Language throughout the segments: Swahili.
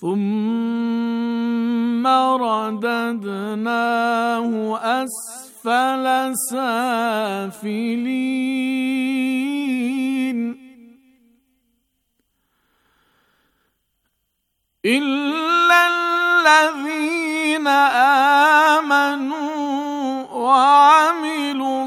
ثم رددناه أسفل سافلين إلا الذين آمنوا وعملوا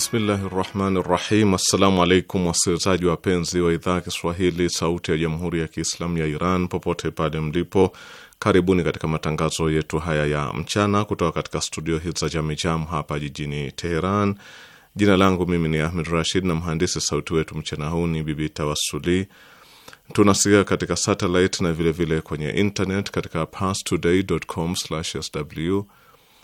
Bismillahi rahmani rahim. Assalamu alaikum wasikilizaji wapenzi wa idhaa ya Kiswahili sauti ya jamhuri ya Kiislamu ya Iran popote pale mlipo, karibuni katika matangazo yetu haya ya mchana kutoka katika studio hizi za Jamijam hapa jijini Teheran. Jina langu mimi ni Ahmed Rashid na mhandisi sauti wetu mchana huu ni Bibi Tawasuli. Tunasikia katika satelit na vilevile vile kwenye internet katika pastoday.com/sw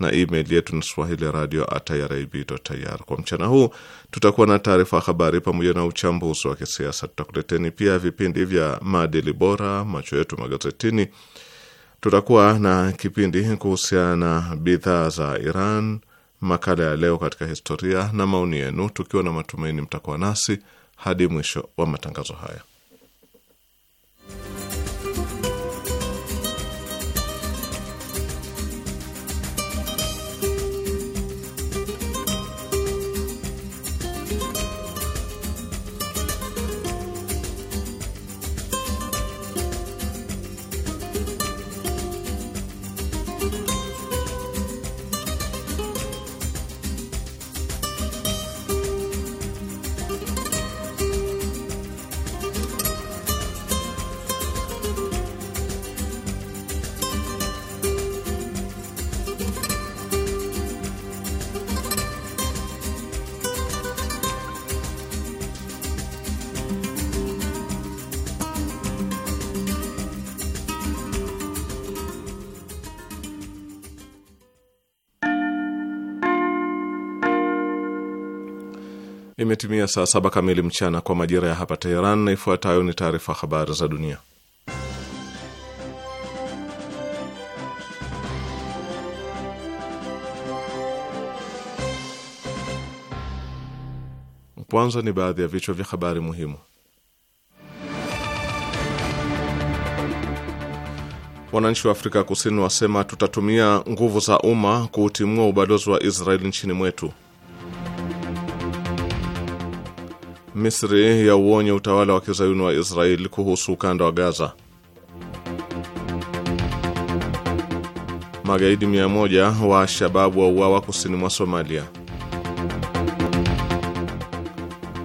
na email yetu ni swahili radio @irib.ir. Kwa mchana huu tutakuwa na taarifa habari pamoja na uchambuzi wa kisiasa. Tutakuleteni pia vipindi vya maadili bora, macho yetu magazetini. Tutakuwa na kipindi kuhusiana na bidhaa za Iran, makala ya leo katika historia na maoni yenu, tukiwa na matumaini mtakuwa nasi hadi mwisho wa matangazo haya. imetimia saa saba kamili mchana kwa majira ya hapa Teheran, na ifuatayo ni taarifa habari za dunia. Kwanza ni baadhi ya vichwa vya habari muhimu. Wananchi wa Afrika Kusini wasema tutatumia nguvu za umma kuutimua ubalozi wa Israeli nchini mwetu. Misri ya uonye utawala wa kizayuni wa Israeli kuhusu ukanda wa Gaza. Magaidi mia moja wa shababu wa uawa kusini mwa Somalia.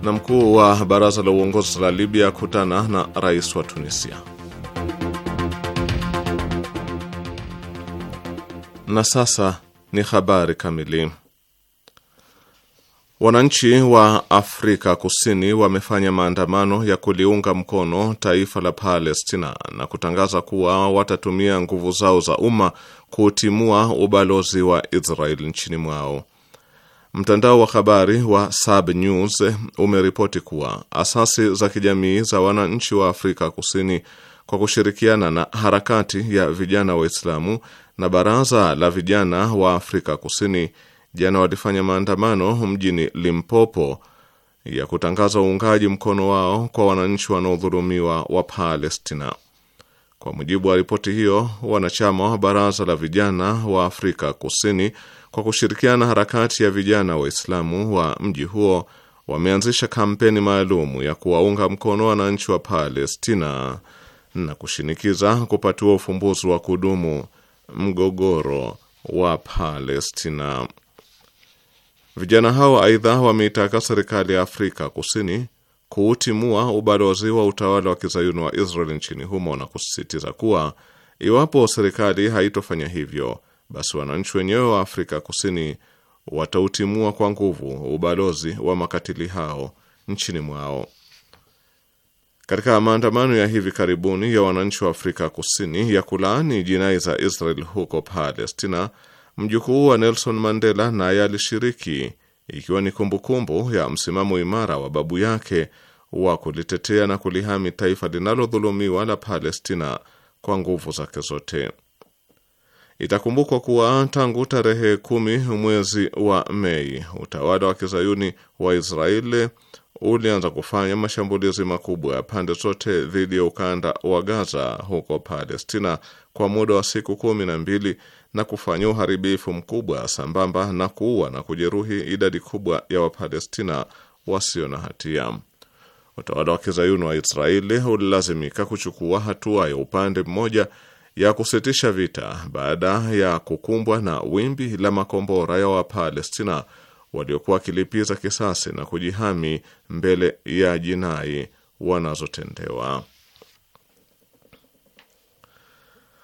Na mkuu wa baraza la uongozi la Libya kutana na rais wa Tunisia. Na sasa ni habari kamili. Wananchi wa Afrika Kusini wamefanya maandamano ya kuliunga mkono taifa la Palestina na kutangaza kuwa watatumia nguvu zao za umma kutimua ubalozi wa Israel nchini mwao. Mtandao wa habari wa Sab News umeripoti kuwa asasi za kijamii za wananchi wa Afrika Kusini kwa kushirikiana na harakati ya vijana Waislamu na baraza la vijana wa Afrika Kusini jana walifanya maandamano mjini Limpopo ya kutangaza uungaji mkono wao kwa wananchi wanaodhulumiwa wa Palestina. Kwa mujibu wa ripoti hiyo, wanachama wa Baraza la Vijana wa Afrika Kusini kwa kushirikiana harakati ya vijana Waislamu wa mji huo wameanzisha kampeni maalum ya kuwaunga mkono wananchi wa Palestina na kushinikiza kupatiwa ufumbuzi wa kudumu mgogoro wa Palestina. Vijana hao aidha wameitaka serikali ya Afrika Kusini kuutimua ubalozi wa utawala wa kizayuni wa Israel nchini humo na kusisitiza kuwa iwapo serikali haitofanya hivyo, basi wananchi wenyewe wa Afrika Kusini watautimua kwa nguvu ubalozi wa makatili hao nchini mwao. Katika maandamano ya hivi karibuni ya wananchi wa Afrika Kusini ya kulaani jinai za Israel huko Palestina, Mjukuu wa Nelson Mandela naye alishiriki, ikiwa ni kumbukumbu kumbu ya msimamo imara wa babu yake wa kulitetea na kulihami taifa linalodhulumiwa la Palestina kwa nguvu zake zote. Itakumbukwa kuwa tangu tarehe kumi mwezi wa Mei utawala wa kizayuni wa Israeli ulianza kufanya mashambulizi makubwa ya pande zote dhidi ya ukanda wa Gaza huko Palestina kwa muda wa siku kumi na mbili na kufanya uharibifu mkubwa sambamba na kuua na kujeruhi idadi kubwa ya Wapalestina wasio na hatia. Utawala wa kizayuni wa Israeli ulilazimika kuchukua hatua ya upande mmoja ya kusitisha vita baada ya kukumbwa na wimbi la makombora ya Wapalestina waliokuwa wakilipiza kisasi na kujihami mbele ya jinai wanazotendewa.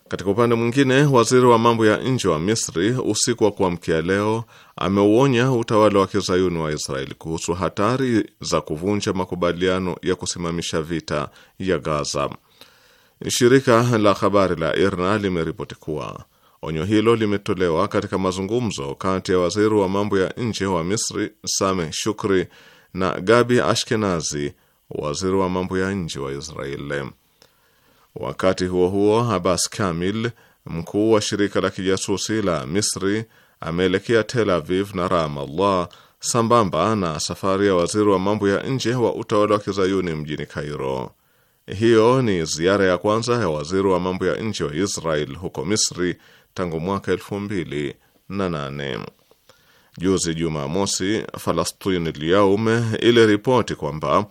Katika upande mwingine, waziri wa mambo ya nje wa Misri usiku wa kuamkia leo ameuonya utawala wa kizayuni wa Israeli kuhusu hatari za kuvunja makubaliano ya kusimamisha vita ya Gaza. Shirika la habari la IRNA limeripoti kuwa onyo hilo limetolewa katika mazungumzo kati ya waziri wa mambo ya nje wa Misri Sameh Shukri na Gabi Ashkenazi, waziri wa mambo ya nje wa Israeli. Wakati huo huo, Abbas Kamil, mkuu wa shirika la kijasusi la Misri, ameelekea Tel Aviv na Ramallah sambamba na safari ya waziri wa mambo ya nje wa utawala wa kizayuni mjini Kairo. Hiyo ni ziara ya kwanza ya waziri wa mambo ya nje wa Israel huko Misri tangu mwaka elfu mbili na nane. Juzi Jumamosi, iliripoti kwamba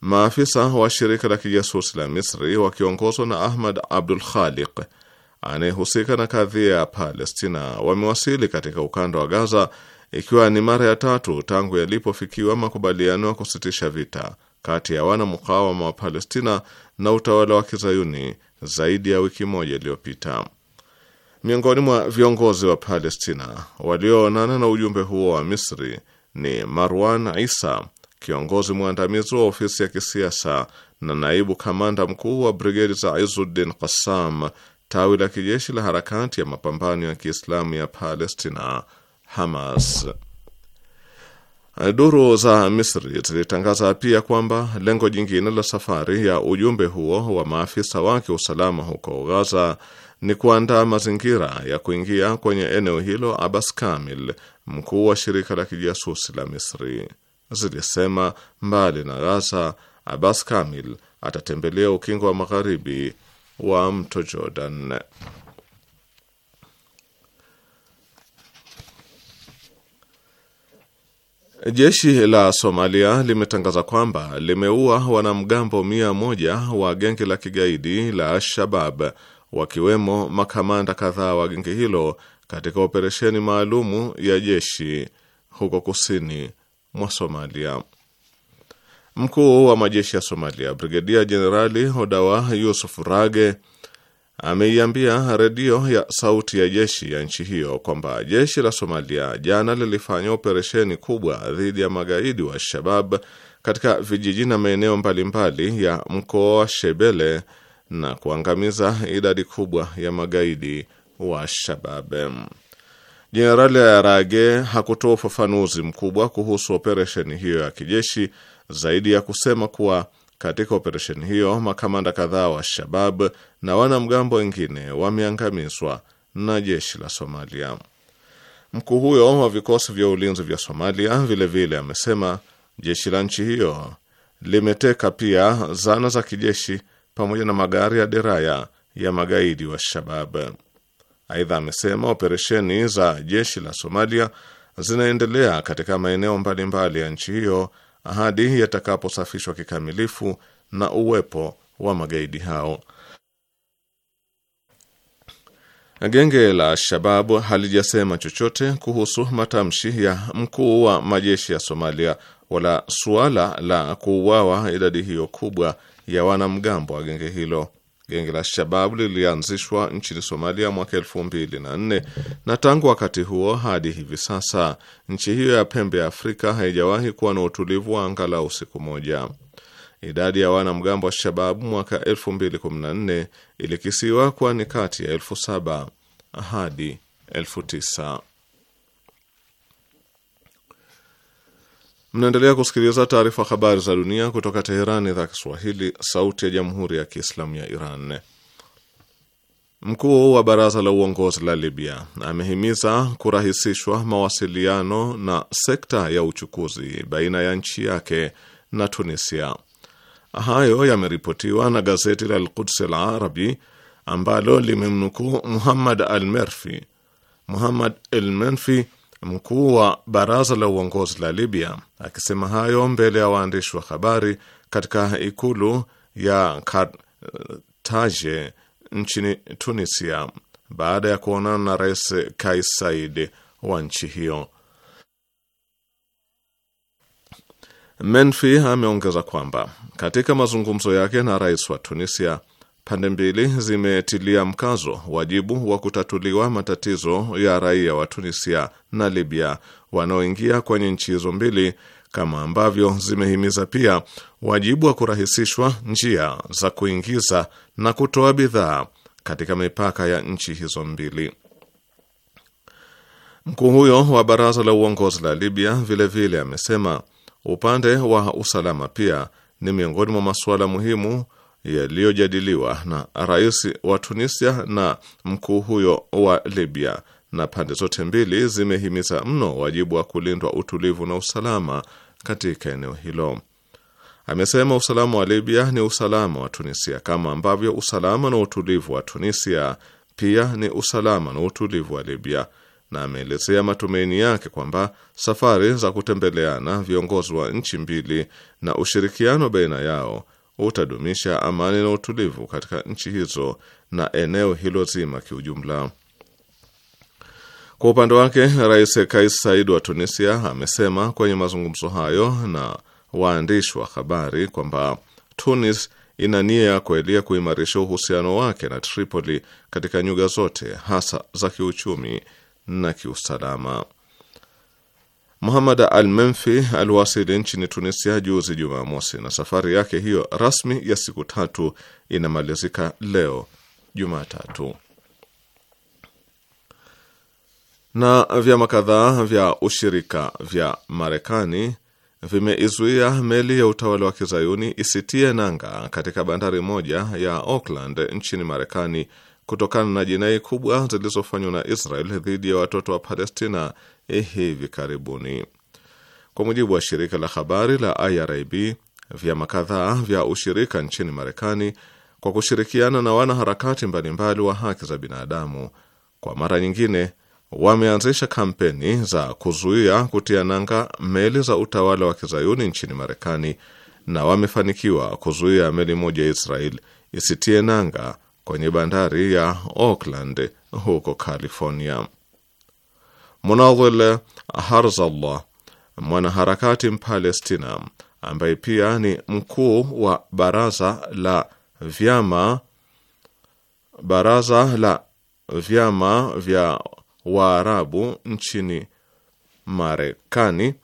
Maafisa wa shirika la kijasusi la Misri wakiongozwa na Ahmad Abdul Khaliq anayehusika na kadhia ya Palestina wamewasili katika ukanda wa Gaza ikiwa ni mara ya tatu tangu yalipofikiwa makubaliano ya kusitisha vita kati ya wanamukawama wa Palestina na utawala wa kizayuni zaidi ya wiki moja iliyopita. Miongoni mwa viongozi wa Palestina walioonana na ujumbe huo wa Misri ni Marwan Isa kiongozi mwandamizi wa ofisi ya kisiasa na naibu kamanda mkuu wa brigedi za Izuddin Qassam, tawi la kijeshi la harakati ya mapambano ya Kiislamu ya Palestina, Hamas. Duru za Misri zilitangaza pia kwamba lengo jingine la safari ya ujumbe huo wa maafisa wake usalama huko Gaza ni kuandaa mazingira ya kuingia kwenye eneo hilo Abbas Kamil, mkuu wa shirika la kijasusi la Misri zilisema mbali na Gaza, Abbas Kamil atatembelea ukingo wa magharibi wa mto Jordan. Jeshi la Somalia limetangaza kwamba limeua wanamgambo mia moja wa genge la kigaidi la Al-Shabab wakiwemo makamanda kadhaa wa genge hilo katika operesheni maalumu ya jeshi huko kusini mwa mkuu wa majeshi ya Somalia Brigedia Jenerali odawa Yusuf Rage ameiambia redio ya sauti ya jeshi ya nchi hiyo kwamba jeshi la Somalia jana lilifanya operesheni kubwa dhidi ya magaidi wa Shabab katika vijiji na maeneo mbalimbali ya mkoa wa Shebele na kuangamiza idadi kubwa ya magaidi wa Shabab. Jenerali Arage hakutoa ufafanuzi mkubwa kuhusu operesheni hiyo ya kijeshi zaidi ya kusema kuwa katika operesheni hiyo makamanda kadhaa wa Shabab na wanamgambo wengine wameangamizwa na jeshi la Somalia. Mkuu huyo wa vikosi vya ulinzi vya Somalia vilevile vile amesema jeshi la nchi hiyo limeteka pia zana za kijeshi pamoja na magari ya deraya ya magaidi wa Shabab. Aidha amesema operesheni za jeshi la Somalia zinaendelea katika maeneo mbalimbali ya nchi hiyo hadi yatakaposafishwa kikamilifu na uwepo wa magaidi hao. Genge la shababu halijasema chochote kuhusu matamshi ya mkuu wa majeshi ya Somalia wala suala la kuuawa idadi hiyo kubwa ya wanamgambo wa genge hilo. Genge la Shabab lilianzishwa nchini Somalia mwaka elfu mbili na nne na tangu wakati huo hadi hivi sasa nchi hiyo ya pembe ya Afrika haijawahi kuwa na utulivu wa angalau siku moja. Idadi ya wanamgambo wa Shababu mwaka elfu mbili kumi na nne ilikisiwa kuwa ni kati ya elfu saba hadi elfu tisa. Mnaendelea kusikiliza taarifa habari za dunia kutoka Teherani, idhaa Kiswahili, sauti ya jamhuri ya kiislamu ya Iran. Mkuu wa baraza la uongozi la Libya amehimiza kurahisishwa mawasiliano na sekta ya uchukuzi baina ya nchi yake na Tunisia. Hayo yameripotiwa na gazeti la Al-Quds Al-Arabi ambalo limemnukuu Muhammad almerfi Muhammad mkuu wa baraza la uongozi la Libya akisema hayo mbele ya waandishi wa habari katika ikulu ya kataje nchini Tunisia baada ya kuonana na Rais Kais said wa nchi hiyo. Menfi ameongeza kwamba katika mazungumzo yake na rais wa Tunisia Pande mbili zimetilia mkazo wajibu wa kutatuliwa matatizo ya raia wa Tunisia na Libya wanaoingia kwenye nchi hizo mbili, kama ambavyo zimehimiza pia wajibu wa kurahisishwa njia za kuingiza na kutoa bidhaa katika mipaka ya nchi hizo mbili. Mkuu huyo wa baraza la uongozi la Libya vilevile amesema upande wa usalama pia ni miongoni mwa masuala muhimu yaliyojadiliwa na rais wa Tunisia na mkuu huyo wa Libya, na pande zote mbili zimehimiza mno wajibu wa kulindwa utulivu na usalama katika eneo hilo. Amesema usalama wa Libya ni usalama wa Tunisia, kama ambavyo usalama na utulivu wa Tunisia pia ni usalama na utulivu wa Libya, na ameelezea matumaini yake kwamba safari za kutembeleana viongozi wa nchi mbili na ushirikiano baina yao utadumisha amani na utulivu katika nchi hizo na eneo hilo zima kiujumla. Kwa upande wake, Rais Kais Said wa Tunisia amesema kwenye mazungumzo hayo na waandishi wa habari kwamba Tunis ina nia ya kuelia kuimarisha uhusiano wake na Tripoli katika nyuga zote, hasa za kiuchumi na kiusalama. Muhammad Al-Menfi aliwasili nchini Tunisia juzi Jumamosi, na safari yake hiyo rasmi ya siku tatu inamalizika leo Jumatatu. Na vyama kadhaa vya ushirika vya Marekani vimeizuia meli ya utawala wa kizayuni isitie nanga katika bandari moja ya Auckland nchini Marekani kutokana na jinai kubwa zilizofanywa na Israel dhidi ya watoto wa Palestina Eh, hivi karibuni. Kwa mujibu wa shirika la habari la IRIB, vyama kadhaa vya ushirika nchini Marekani kwa kushirikiana na wanaharakati mbalimbali wa haki za binadamu kwa mara nyingine wameanzisha kampeni za kuzuia kutia nanga meli za utawala wa kizayuni nchini Marekani na wamefanikiwa kuzuia meli moja ya Israel isitie nanga kwenye bandari ya Oakland huko California. Munadhil Harzallah, mwanaharakati Mpalestina ambaye pia ni mkuu wa baraza la vyama baraza la vyama vya Waarabu nchini Marekani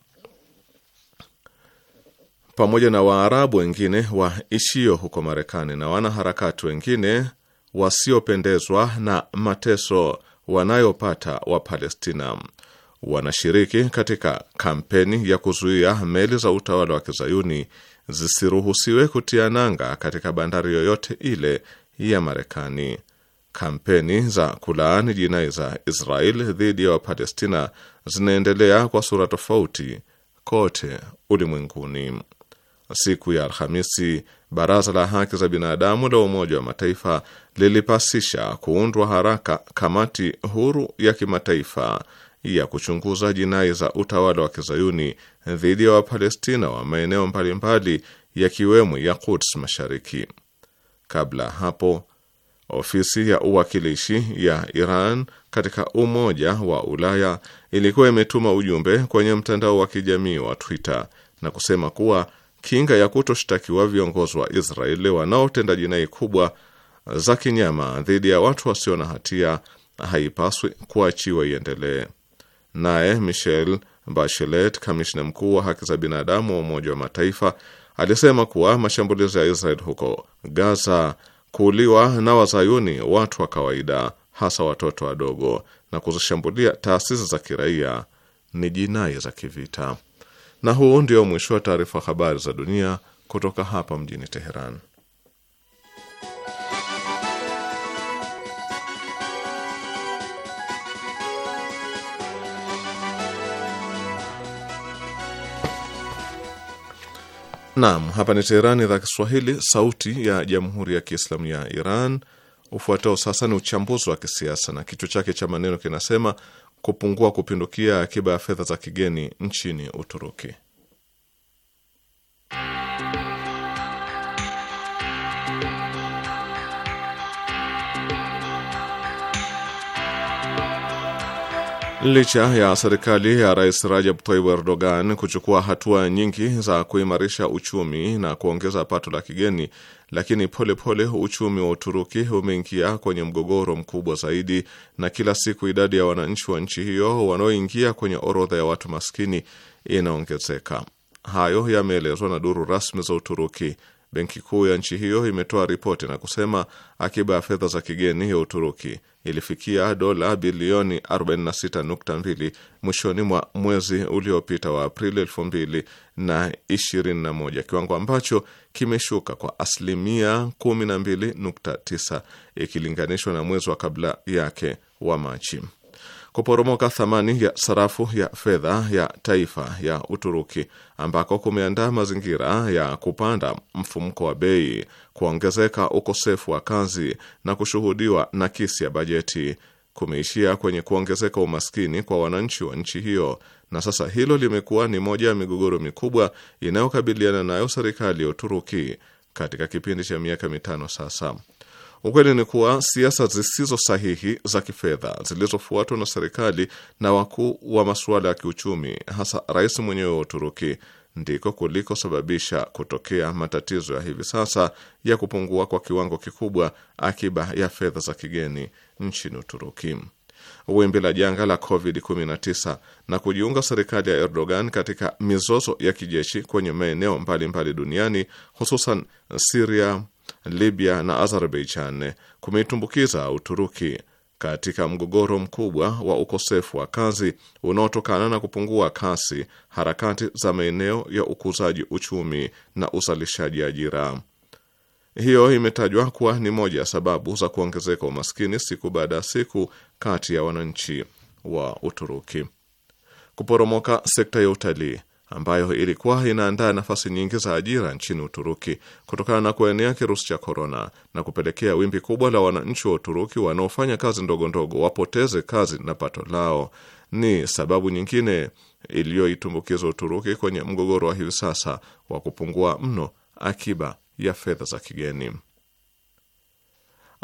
pamoja na Waarabu wengine waishio huko Marekani na wanaharakati wengine wasiopendezwa na mateso wanayopata Wapalestina. Wanashiriki katika kampeni ya kuzuia meli za utawala wa kizayuni zisiruhusiwe kutia nanga katika bandari yoyote ile ya Marekani. Kampeni za kulaani jinai za Israel dhidi ya Wapalestina zinaendelea kwa sura tofauti kote ulimwenguni. Siku ya Alhamisi, baraza la haki za binadamu la Umoja wa Mataifa lilipasisha kuundwa haraka kamati huru ya kimataifa ya kuchunguza jinai za utawala wa kizayuni dhidi ya Wapalestina wa maeneo mbalimbali yakiwemo ya Quds Mashariki. Kabla hapo ofisi ya uwakilishi ya Iran katika Umoja wa Ulaya ilikuwa imetuma ujumbe kwenye mtandao wa kijamii wa Twitter na kusema kuwa kinga ya kutoshtakiwa viongozi wa Israeli wanaotenda jinai kubwa za kinyama dhidi ya watu wasio na hatia haipaswi kuachiwa iendelee. Naye michel Bachelet, kamishna mkuu wa haki za binadamu wa Umoja wa Mataifa, alisema kuwa mashambulizi ya Israel huko Gaza, kuuliwa na wazayuni watu wa kawaida, hasa watoto wadogo, na kuzishambulia taasisi za kiraia ni jinai za kivita. Na huu ndio mwisho wa taarifa habari za dunia kutoka hapa mjini Teheran. Naam, hapa ni Teherani, idhaa Kiswahili, sauti ya jamhuri ya kiislamu ya Iran. Ufuatao sasa ni uchambuzi wa kisiasa na kichwa chake cha maneno kinasema kupungua kupindukia akiba ya fedha za kigeni nchini Uturuki. Licha ya serikali ya Rais Rajab Tayyip Erdogan kuchukua hatua nyingi za kuimarisha uchumi na kuongeza pato la kigeni, lakini polepole pole uchumi wa Uturuki umeingia kwenye mgogoro mkubwa zaidi, na kila siku idadi ya wananchi wa nchi hiyo wanaoingia kwenye orodha ya watu maskini inaongezeka. Hayo yameelezwa na duru rasmi za Uturuki Benki kuu ya nchi hiyo imetoa ripoti na kusema akiba ya fedha za kigeni ya Uturuki ilifikia dola bilioni 46.2 mwishoni mwa mwezi uliopita wa Aprili 2021, kiwango ambacho kimeshuka kwa asilimia 12.9 ikilinganishwa na mwezi wa kabla yake wa Machi kuporomoka thamani ya sarafu ya fedha ya taifa ya Uturuki ambako kumeandaa mazingira ya kupanda mfumko wa bei, kuongezeka ukosefu wa kazi na kushuhudiwa nakisi ya bajeti kumeishia kwenye kuongezeka umaskini kwa wananchi wa nchi hiyo, na sasa hilo limekuwa ni moja ya migogoro mikubwa inayokabiliana nayo serikali ya Uturuki katika kipindi cha miaka mitano sasa. Ukweli ni kuwa siasa zisizo sahihi za kifedha zilizofuatwa na serikali na wakuu wa masuala ya kiuchumi, hasa rais mwenyewe wa Uturuki, ndiko kulikosababisha kutokea matatizo ya hivi sasa ya kupungua kwa kiwango kikubwa akiba ya fedha za kigeni nchini Uturuki. Wimbi la janga la COVID-19 na kujiunga serikali ya Erdogan katika mizozo ya kijeshi kwenye maeneo mbalimbali duniani, hususan Siria, Libya na Azerbaijan kumeitumbukiza Uturuki katika mgogoro mkubwa wa ukosefu wa kazi unaotokana na kupungua kasi harakati za maeneo ya ukuzaji uchumi na uzalishaji ajira. Hiyo imetajwa kuwa ni moja ya sababu za kuongezeka umaskini siku baada ya siku kati ya wananchi wa Uturuki. Kuporomoka sekta ya utalii ambayo ilikuwa inaandaa nafasi nyingi za ajira nchini Uturuki kutokana na kuenea kirusi cha korona na kupelekea wimbi kubwa la wananchi wa Uturuki wanaofanya kazi ndogondogo wapoteze kazi na pato lao, ni sababu nyingine iliyoitumbukiza Uturuki kwenye mgogoro wa hivi sasa wa kupungua mno akiba ya fedha za kigeni.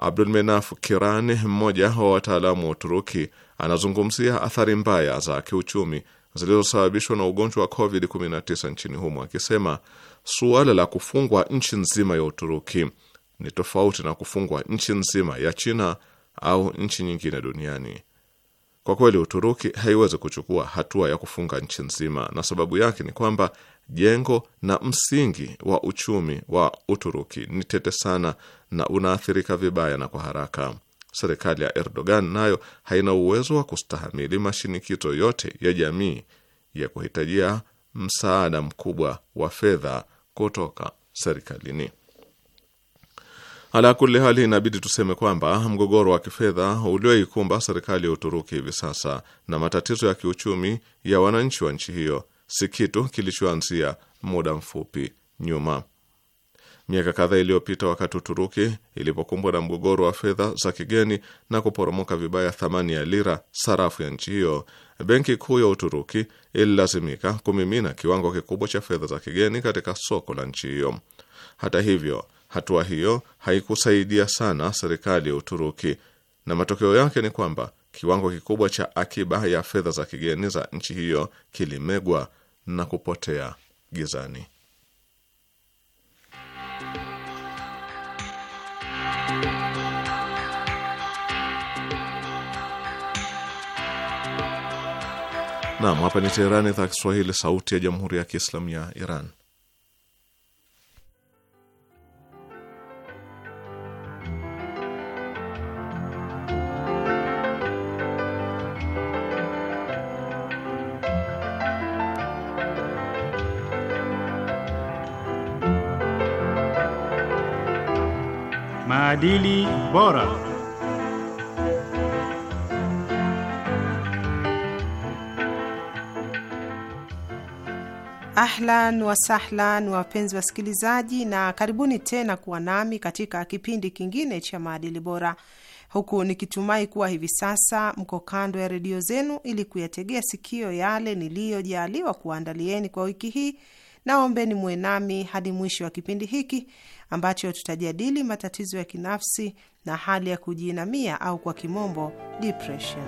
Abdulmenaf Kirani, mmoja wa wataalamu wa Uturuki, anazungumzia athari mbaya za kiuchumi zilizosababishwa na ugonjwa wa COVID-19 nchini humo, akisema suala la kufungwa nchi nzima ya Uturuki ni tofauti na kufungwa nchi nzima ya China au nchi nyingine duniani. Kwa kweli Uturuki haiwezi kuchukua hatua ya kufunga nchi nzima, na sababu yake ni kwamba jengo na msingi wa uchumi wa Uturuki ni tete sana na unaathirika vibaya na kwa haraka. Serikali ya Erdogan nayo haina uwezo wa kustahamili mashinikizo yote ya jamii ya kuhitajia msaada mkubwa wa fedha kutoka serikalini. Ala kulli hali, inabidi tuseme kwamba mgogoro wa kifedha ulioikumba serikali ya Uturuki hivi sasa na matatizo ya kiuchumi ya wananchi wa nchi hiyo si kitu kilichoanzia muda mfupi nyuma miaka kadhaa iliyopita, wakati Uturuki ilipokumbwa na mgogoro wa fedha za kigeni na kuporomoka vibaya thamani ya lira, sarafu ya nchi hiyo, benki kuu ya Uturuki ililazimika kumimina kiwango kikubwa cha fedha za kigeni katika soko la nchi hiyo. Hata hivyo, hatua hiyo haikusaidia sana serikali ya Uturuki, na matokeo yake ni kwamba kiwango kikubwa cha akiba ya fedha za kigeni za nchi hiyo kilimegwa na kupotea gizani. Naam, hapa ni Teheran, idhaa Kiswahili, sauti ya jamhuri ya kiislamu ya Iran. Maadili bora. Ahlan wasahlan, wapenzi wasikilizaji, na karibuni tena kuwa nami katika kipindi kingine cha maadili bora, huku nikitumai kuwa hivi sasa mko kando ya redio zenu ili kuyategea sikio yale niliyojaaliwa kuwaandalieni kwa wiki hii. Naombeni muwe nami hadi mwisho wa kipindi hiki ambacho tutajadili matatizo ya kinafsi na hali ya kujiinamia au kwa kimombo depression.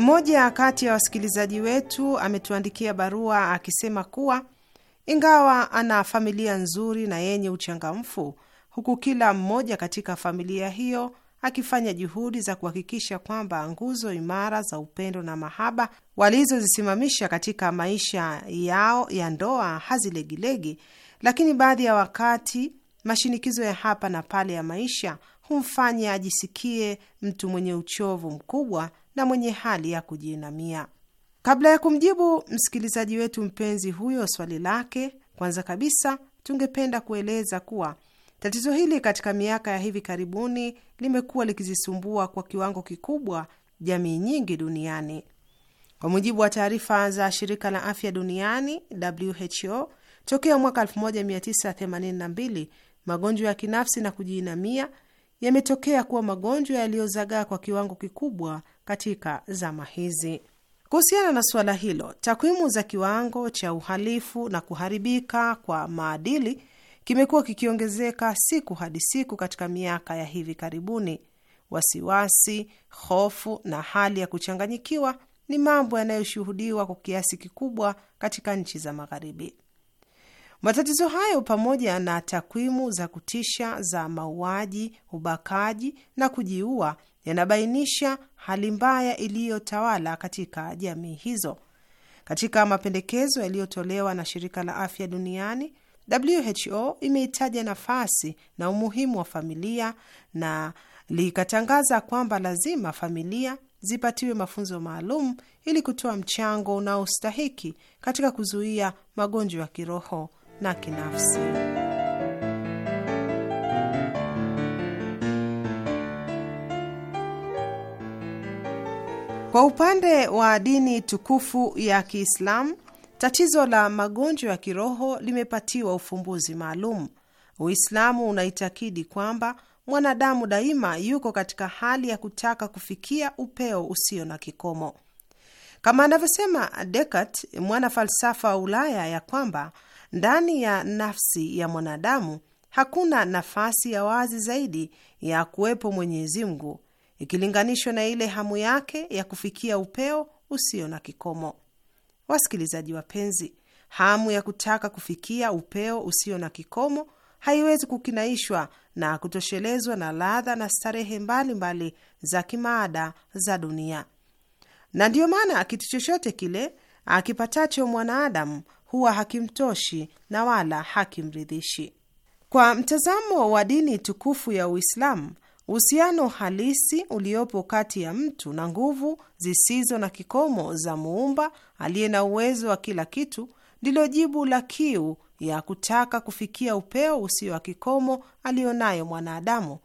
Mmoja kati ya wasikilizaji wetu ametuandikia barua akisema kuwa ingawa ana familia nzuri na yenye uchangamfu, huku kila mmoja katika familia hiyo akifanya juhudi za kuhakikisha kwamba nguzo imara za upendo na mahaba walizozisimamisha katika maisha yao ya ndoa hazilegilegi, lakini baadhi ya wakati mashinikizo ya hapa na pale ya maisha humfanya ajisikie mtu mwenye uchovu mkubwa na mwenye hali ya kujiinamia. Kabla ya kumjibu msikilizaji wetu mpenzi huyo swali lake, kwanza kabisa tungependa kueleza kuwa tatizo hili katika miaka ya hivi karibuni limekuwa likizisumbua kwa kiwango kikubwa jamii nyingi duniani. Kwa mujibu wa taarifa za shirika la afya duniani WHO, tokea mwaka 1982 magonjwa ya kinafsi na kujiinamia yametokea kuwa magonjwa yaliyozagaa kwa kiwango kikubwa katika zama hizi. Kuhusiana na suala hilo, takwimu za kiwango cha uhalifu na kuharibika kwa maadili kimekuwa kikiongezeka siku hadi siku katika miaka ya hivi karibuni. Wasiwasi, hofu na hali ya kuchanganyikiwa ni mambo yanayoshuhudiwa kwa kiasi kikubwa katika nchi za Magharibi. Matatizo hayo pamoja na takwimu za kutisha za mauaji, ubakaji na kujiua yanabainisha hali mbaya iliyotawala katika jamii hizo. Katika mapendekezo yaliyotolewa na shirika la afya duniani WHO imeitaja nafasi na umuhimu wa familia na likatangaza kwamba lazima familia zipatiwe mafunzo maalum ili kutoa mchango unaostahiki katika kuzuia magonjwa ya kiroho na kinafsi. Kwa upande wa dini tukufu ya Kiislamu, tatizo la magonjwa ya kiroho limepatiwa ufumbuzi maalum. Uislamu unaitakidi kwamba mwanadamu daima yuko katika hali ya kutaka kufikia upeo usio na kikomo, kama anavyosema Descartes, mwana falsafa wa Ulaya, ya kwamba ndani ya nafsi ya mwanadamu hakuna nafasi ya wazi zaidi ya kuwepo Mwenyezi Mungu ikilinganishwa na ile hamu yake ya kufikia upeo usio na kikomo. Wasikilizaji wapenzi, hamu ya kutaka kufikia upeo usio na kikomo haiwezi kukinaishwa na kutoshelezwa na ladha na starehe mbalimbali mbali za kimaada za dunia, na ndiyo maana kitu chochote kile akipatacho mwanaadamu huwa hakimtoshi na wala hakimridhishi. Kwa mtazamo wa dini tukufu ya Uislamu, uhusiano halisi uliopo kati ya mtu na nguvu zisizo na kikomo za Muumba aliye na uwezo wa kila kitu ndilo jibu la kiu ya kutaka kufikia upeo usio wa kikomo aliyonayo mwanadamu,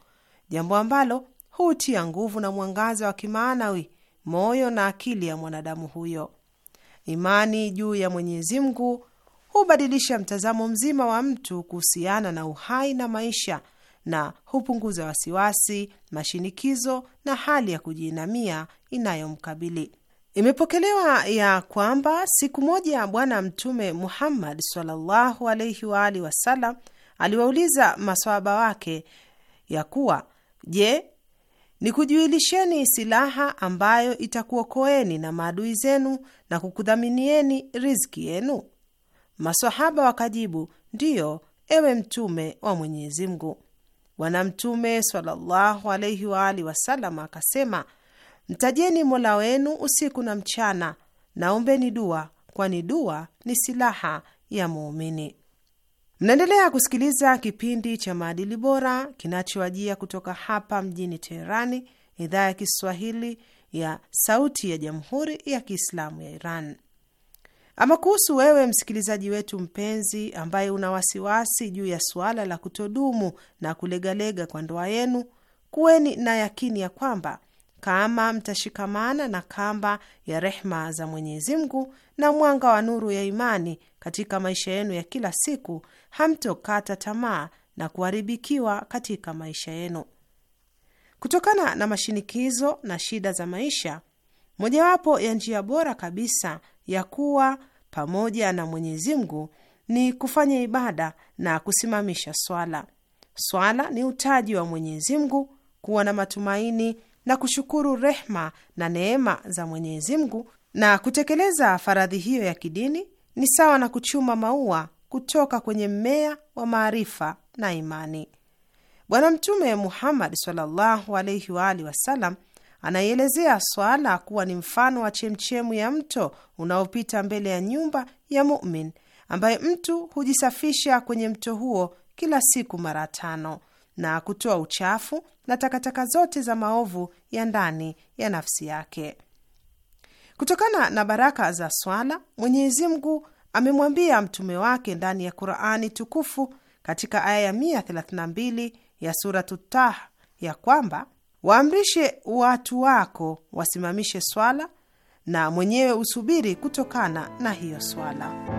jambo ambalo hutia nguvu na mwangaza wa kimaanawi moyo na akili ya mwanadamu huyo. Imani juu ya Mwenyezi Mungu hubadilisha mtazamo mzima wa mtu kuhusiana na uhai na maisha na hupunguza wasiwasi, mashinikizo na hali ya kujiinamia inayomkabili. Imepokelewa ya kwamba siku moja Bwana Mtume Muhammad sallallahu alaihi wa alihi wasallam aliwauliza masoaba wake ya kuwa, je, ni kujuilisheni silaha ambayo itakuokoeni na maadui zenu na kukudhaminieni riziki yenu? Masahaba wakajibu, ndiyo, ewe Mtume wa Mwenyezi Mungu. Bwana Mtume sallallahu alaihi wa alihi wasallam akasema, mtajeni mola wenu usiku na mchana, naombeni dua, kwani dua ni silaha ya muumini. Mnaendelea kusikiliza kipindi cha maadili bora kinachoajia kutoka hapa mjini Teherani, idhaa ya Kiswahili ya Sauti ya Jamhuri ya Kiislamu ya Iran. Ama kuhusu wewe msikilizaji wetu mpenzi, ambaye una wasiwasi juu ya suala la kutodumu na kulegalega kwa ndoa yenu, kuweni na yakini ya kwamba kama mtashikamana na kamba ya rehma za Mwenyezi Mungu na mwanga wa nuru ya imani katika maisha yenu ya kila siku, hamtokata tamaa na kuharibikiwa katika maisha yenu kutokana na mashinikizo na shida za maisha. Mojawapo ya njia bora kabisa ya kuwa pamoja na Mwenyezi Mungu ni kufanya ibada na kusimamisha swala. Swala ni utaji wa Mwenyezi Mungu, kuwa na matumaini na kushukuru rehma na neema za Mwenyezi Mungu, na kutekeleza faradhi hiyo ya kidini ni sawa na kuchuma maua kutoka kwenye mmea wa maarifa na imani. Bwana Mtume Muhammad sallallahu alaihi wa alihi wasallam anaielezea swala kuwa ni mfano wa chemchemu ya mto unaopita mbele ya nyumba ya mumin, ambaye mtu hujisafisha kwenye mto huo kila siku mara tano na kutoa uchafu na takataka zote za maovu ya ndani ya nafsi yake. Kutokana na baraka za swala, Mwenyezi Mungu amemwambia mtume wake ndani ya Qurani tukufu katika aya ya 132 ya Suratu Tah ya kwamba waamrishe watu wako wasimamishe swala na mwenyewe usubiri kutokana na hiyo swala.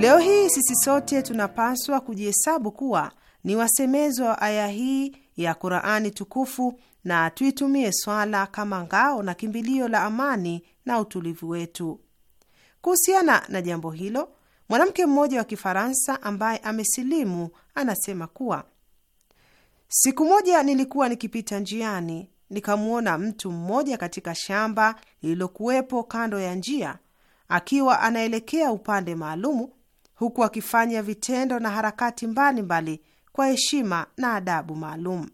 Leo hii sisi sote tunapaswa kujihesabu kuwa ni wasemezwa wa aya hii ya Qur'ani tukufu na tuitumie swala kama ngao na kimbilio la amani na utulivu wetu. Kuhusiana na jambo hilo, mwanamke mmoja wa Kifaransa ambaye amesilimu anasema kuwa siku moja nilikuwa nikipita njiani nikamwona mtu mmoja katika shamba lililokuwepo kando ya njia akiwa anaelekea upande maalumu huku akifanya vitendo na harakati mbalimbali mbali kwa heshima na adabu maalum.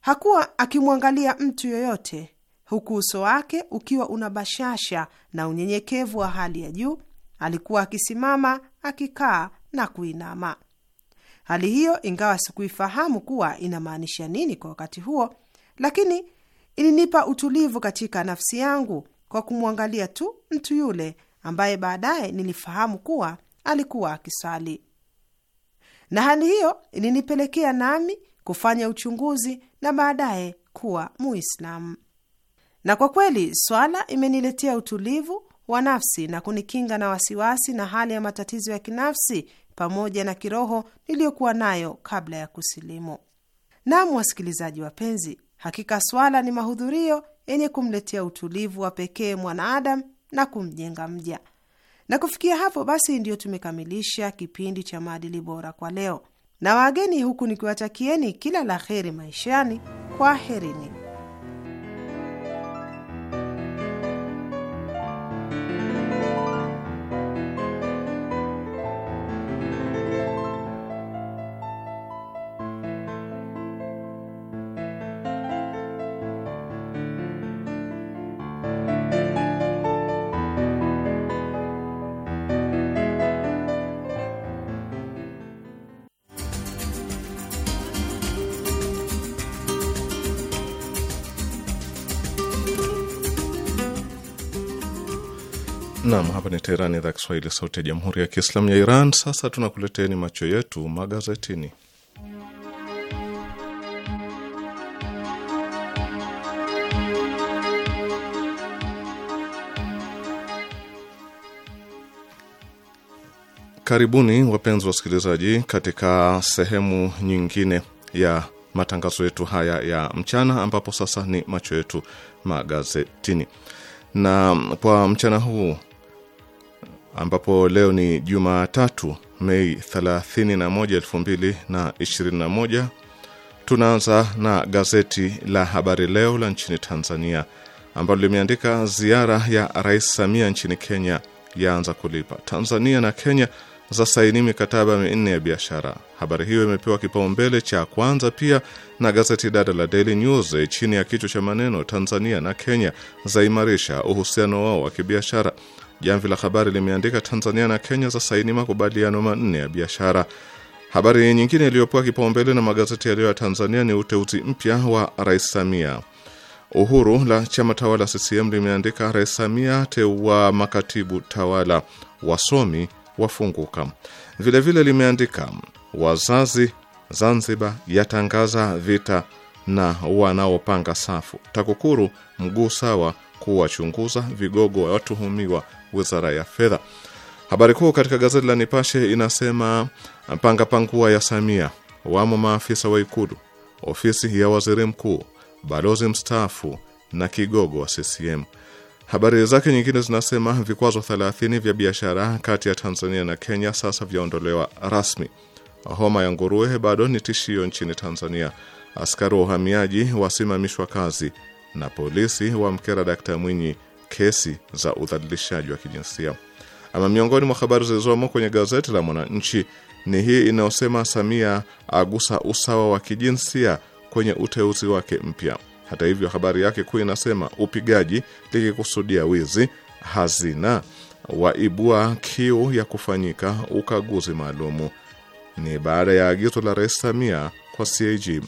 Hakuwa akimwangalia mtu yoyote, huku uso wake ukiwa una bashasha na unyenyekevu wa hali ya juu. Alikuwa akisimama, akikaa na kuinama. Hali hiyo, ingawa sikuifahamu kuwa inamaanisha nini kwa wakati huo, lakini ilinipa utulivu katika nafsi yangu kwa kumwangalia tu mtu yule ambaye baadaye nilifahamu kuwa alikuwa akisali, na hali hiyo ilinipelekea nami kufanya uchunguzi na baadaye kuwa Muislamu. Na kwa kweli swala imeniletea utulivu wa nafsi na kunikinga na wasiwasi na hali ya matatizo ya kinafsi pamoja na kiroho niliyokuwa nayo kabla ya kusilimu. Naam, wasikilizaji wapenzi, hakika swala ni mahudhurio yenye kumletea utulivu wa pekee mwanaadamu na kumjenga mja. Na kufikia hapo basi, ndiyo tumekamilisha kipindi cha maadili bora kwa leo na wageni, huku nikiwatakieni kila la heri maishani. Kwaherini. Nam, hapa ni Teherani, idhaa Kiswahili, sauti ya jamhuri ya kiislamu ya Iran. Sasa tunakuleteni macho yetu magazetini. Karibuni wapenzi wasikilizaji, katika sehemu nyingine ya matangazo yetu haya ya mchana, ambapo sasa ni macho yetu magazetini, na kwa mchana huu ambapo leo ni Jumatatu Mei 31, 2021. Tunaanza na gazeti la Habari Leo la nchini Tanzania ambalo limeandika ziara ya Rais Samia nchini Kenya yaanza kulipa. Tanzania na Kenya za saini mikataba minne ya biashara. Habari hiyo imepewa kipaumbele cha kwanza pia na gazeti dada la Daily News eh, chini ya kichwa cha maneno Tanzania na Kenya zaimarisha uhusiano wao wa kibiashara. Jamvi la Habari limeandika Tanzania na Kenya za saini makubaliano manne ya biashara. Habari nyingine iliyopewa kipaumbele na magazeti yaliyo ya Tanzania ni uteuzi mpya wa Rais Samia. Uhuru la chama tawala CCM limeandika Rais Samia ateua makatibu tawala, wasomi wafunguka. Vilevile vile limeandika wazazi Zanzibar yatangaza vita na wanaopanga safu, TAKUKURU mguu sawa kuwachunguza vigogo watuhumiwa wizara ya fedha. Habari kuu katika gazeti la Nipashe inasema panga pangua ya Samia, wamo maafisa wa Ikulu, ofisi ya waziri mkuu, balozi mstaafu na kigogo wa CCM. Habari zake nyingine zinasema vikwazo 30 vya biashara kati ya Tanzania na Kenya sasa vyaondolewa rasmi. Homa ya nguruwe bado ni tishio nchini Tanzania. Askari wa uhamiaji wasimamishwa kazi na polisi wamkera Dkt. Mwinyi kesi za udhalilishaji wa kijinsia. Ama miongoni mwa habari zilizomo kwenye gazeti la Mwananchi ni hii inayosema Samia agusa usawa wa kijinsia kwenye uteuzi wake mpya. Hata hivyo, habari yake kuu inasema upigaji likikusudia wizi hazina waibua kiu ya kufanyika ukaguzi maalumu. Ni baada ya agizo la Rais Samia kwa CAG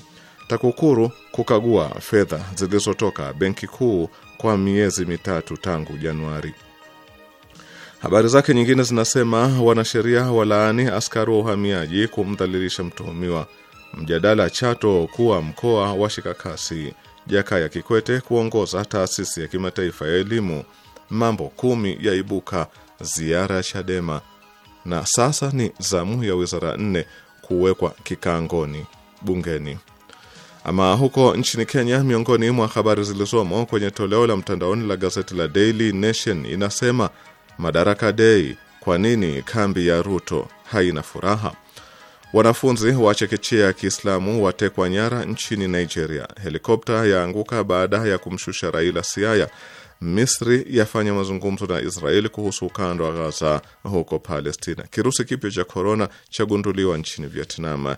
TAKUKURU kukagua fedha zilizotoka benki kuu kwa miezi mitatu tangu Januari. Habari zake nyingine zinasema wanasheria walaani askari wa uhamiaji kumdhalilisha mtuhumiwa, mjadala Chato kuwa mkoa wa shikakasi, Jakaya Kikwete kuongoza taasisi ya kimataifa ya elimu, mambo kumi yaibuka ziara ya Chadema, na sasa ni zamu ya wizara nne kuwekwa kikangoni bungeni. Ama huko nchini Kenya, miongoni mwa habari zilizomo kwenye toleo la mtandaoni la gazeti la Daily Nation inasema Madaraka Day, kwa nini kambi ya Ruto haina furaha? Wanafunzi wa chekechea ya Kiislamu watekwa nyara nchini Nigeria. Helikopta yaanguka baada ya kumshusha Raila Siaya. Misri yafanya mazungumzo na Israeli kuhusu ukanda wa Gaza huko Palestina. Kirusi kipya cha korona chagunduliwa nchini Vietnam.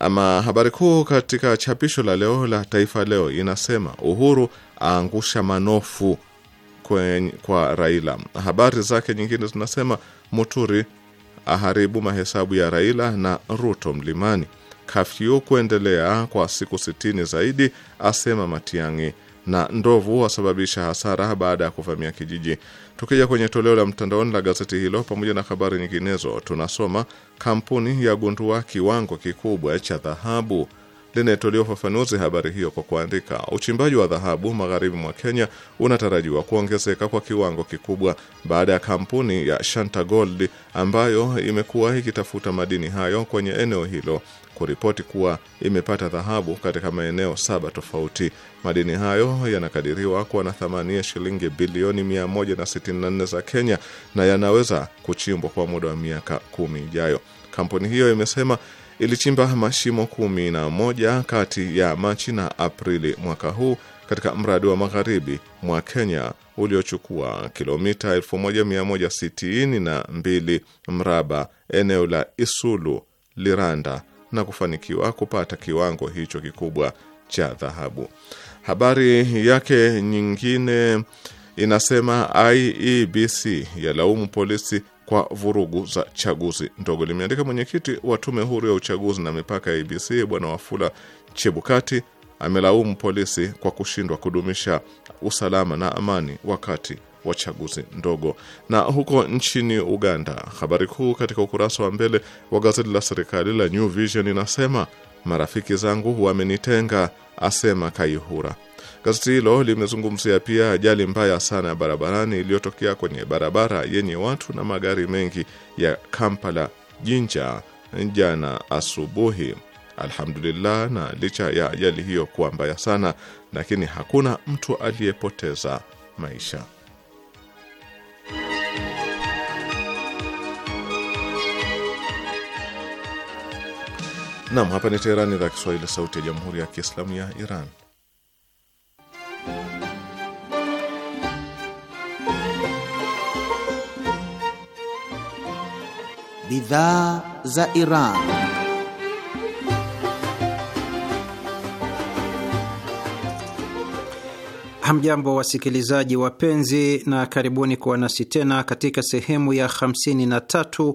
Ama habari kuu katika chapisho la leo la Taifa Leo inasema Uhuru aangusha manofu kwenye, kwa Raila. Habari zake nyingine zinasema Muturi aharibu mahesabu ya Raila na Ruto mlimani, kafyu kuendelea kwa siku sitini zaidi, asema Matiang'i, na ndovu wasababisha hasara baada ya kuvamia kijiji. Tukija kwenye toleo la mtandaoni la gazeti hilo pamoja na habari nyinginezo, tunasoma kampuni ya gundua kiwango kikubwa cha dhahabu. linayetolia ufafanuzi habari hiyo kwa kuandika, uchimbaji wa dhahabu magharibi mwa Kenya unatarajiwa kuongezeka kwa kiwango kikubwa baada ya kampuni ya Shanta Gold ambayo imekuwa ikitafuta madini hayo kwenye eneo hilo kuripoti kuwa imepata dhahabu katika maeneo saba tofauti. Madini hayo yanakadiriwa kuwa na thamani ya shilingi bilioni 164 za Kenya na yanaweza kuchimbwa kwa muda wa miaka kumi ijayo. Kampuni hiyo imesema ilichimba mashimo kumi na moja kati ya Machi na Aprili mwaka huu katika mradi wa magharibi mwa Kenya uliochukua kilomita 1162 mraba eneo la Isulu Liranda na kufanikiwa kupata kiwango hicho kikubwa cha dhahabu. Habari yake nyingine inasema IEBC yalaumu polisi kwa vurugu za chaguzi ndogo, limeandika mwenyekiti wa tume huru ya uchaguzi na mipaka ya IEBC Bwana Wafula Chebukati amelaumu polisi kwa kushindwa kudumisha usalama na amani wakati wa chaguzi ndogo. Na huko nchini Uganda, habari kuu katika ukurasa wa mbele wa gazeti la serikali la New Vision inasema marafiki zangu wamenitenga, asema Kaihura. Gazeti hilo limezungumzia pia ajali mbaya sana ya barabarani iliyotokea kwenye barabara yenye watu na magari mengi ya Kampala Jinja jana asubuhi. Alhamdulillah, na licha ya ajali hiyo kuwa mbaya sana, lakini hakuna mtu aliyepoteza maisha. Nam, hapa ni Teheran, idhaa Kiswahili, sauti ya jamhuri ya kiislamu ya Iran. Bidhaa za Iran. Hamjambo wasikilizaji wapenzi, na karibuni kuwa nasi tena katika sehemu ya 53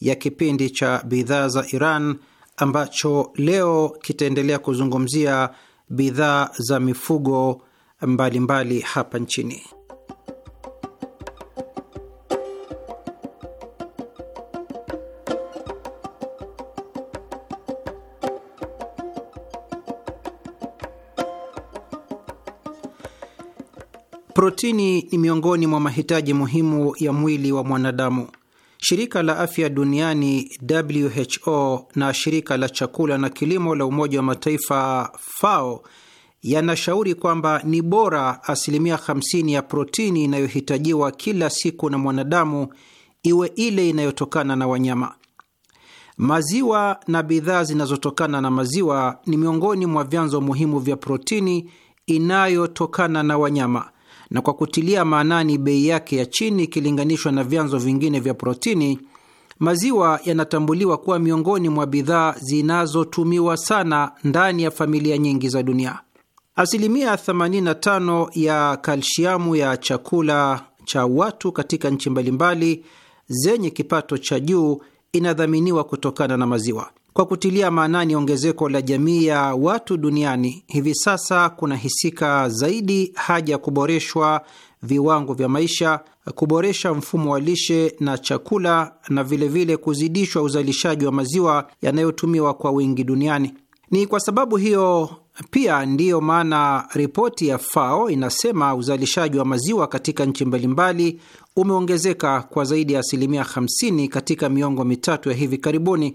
ya kipindi cha bidhaa za Iran ambacho leo kitaendelea kuzungumzia bidhaa za mifugo mbalimbali mbali hapa nchini. Protini ni miongoni mwa mahitaji muhimu ya mwili wa mwanadamu. Shirika la Afya Duniani WHO na shirika la chakula na kilimo la Umoja wa Mataifa FAO yanashauri kwamba ni bora asilimia 50 ya protini inayohitajiwa kila siku na mwanadamu iwe ile inayotokana na wanyama. Maziwa na bidhaa zinazotokana na maziwa ni miongoni mwa vyanzo muhimu vya protini inayotokana na wanyama na kwa kutilia maanani bei yake ya chini ikilinganishwa na vyanzo vingine vya protini, maziwa yanatambuliwa kuwa miongoni mwa bidhaa zinazotumiwa sana ndani ya familia nyingi za dunia. Asilimia 85 ya kalsiamu ya chakula cha watu katika nchi mbalimbali zenye kipato cha juu inadhaminiwa kutokana na maziwa. Kwa kutilia maanani ongezeko la jamii ya watu duniani, hivi sasa kunahisika zaidi haja ya kuboreshwa viwango vya maisha, kuboresha mfumo wa lishe na chakula, na vilevile vile kuzidishwa uzalishaji wa maziwa yanayotumiwa kwa wingi duniani. Ni kwa sababu hiyo pia ndiyo maana ripoti ya FAO inasema uzalishaji wa maziwa katika nchi mbalimbali umeongezeka kwa zaidi ya asilimia 50 katika miongo mitatu ya hivi karibuni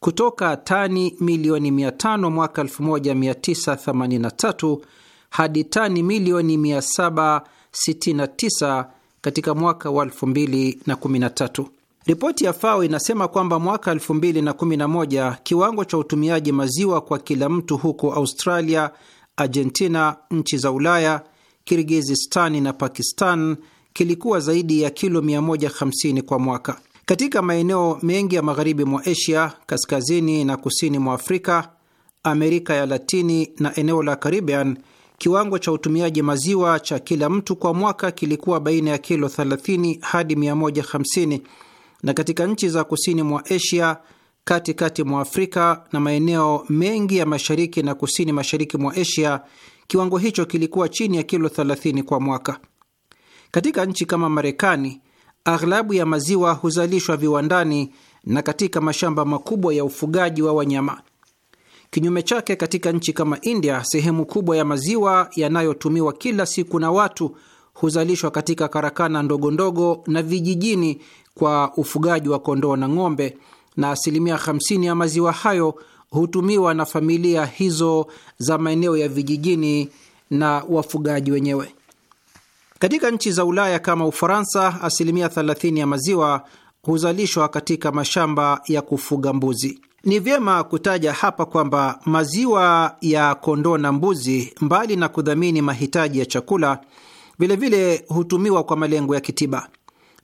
kutoka tani milioni 500 mwaka 1983 hadi tani milioni 769 katika mwaka wa 2013. Ripoti ya FAO inasema kwamba mwaka 2011 kiwango cha utumiaji maziwa kwa kila mtu huko Australia, Argentina, nchi za Ulaya, Kirgizistani na Pakistan kilikuwa zaidi ya kilo 150 kwa mwaka. Katika maeneo mengi ya magharibi mwa Asia, kaskazini na kusini mwa Afrika, Amerika ya Latini na eneo la Caribbean, kiwango cha utumiaji maziwa cha kila mtu kwa mwaka kilikuwa baina ya kilo 30 hadi 150, na katika nchi za kusini mwa Asia, katikati kati mwa Afrika na maeneo mengi ya mashariki na kusini mashariki mwa Asia, kiwango hicho kilikuwa chini ya kilo 30 kwa mwaka. Katika nchi kama Marekani, Aghlabu ya maziwa huzalishwa viwandani na katika mashamba makubwa ya ufugaji wa wanyama. Kinyume chake, katika nchi kama India, sehemu kubwa ya maziwa yanayotumiwa kila siku na watu huzalishwa katika karakana ndogo ndogo na vijijini kwa ufugaji wa kondoo na ng'ombe, na asilimia 50 ya maziwa hayo hutumiwa na familia hizo za maeneo ya vijijini na wafugaji wenyewe. Katika nchi za Ulaya kama Ufaransa, asilimia 30 ya maziwa huzalishwa katika mashamba ya kufuga mbuzi. Ni vyema kutaja hapa kwamba maziwa ya kondoo na mbuzi, mbali na kudhamini mahitaji ya chakula, vilevile hutumiwa kwa malengo ya kitiba.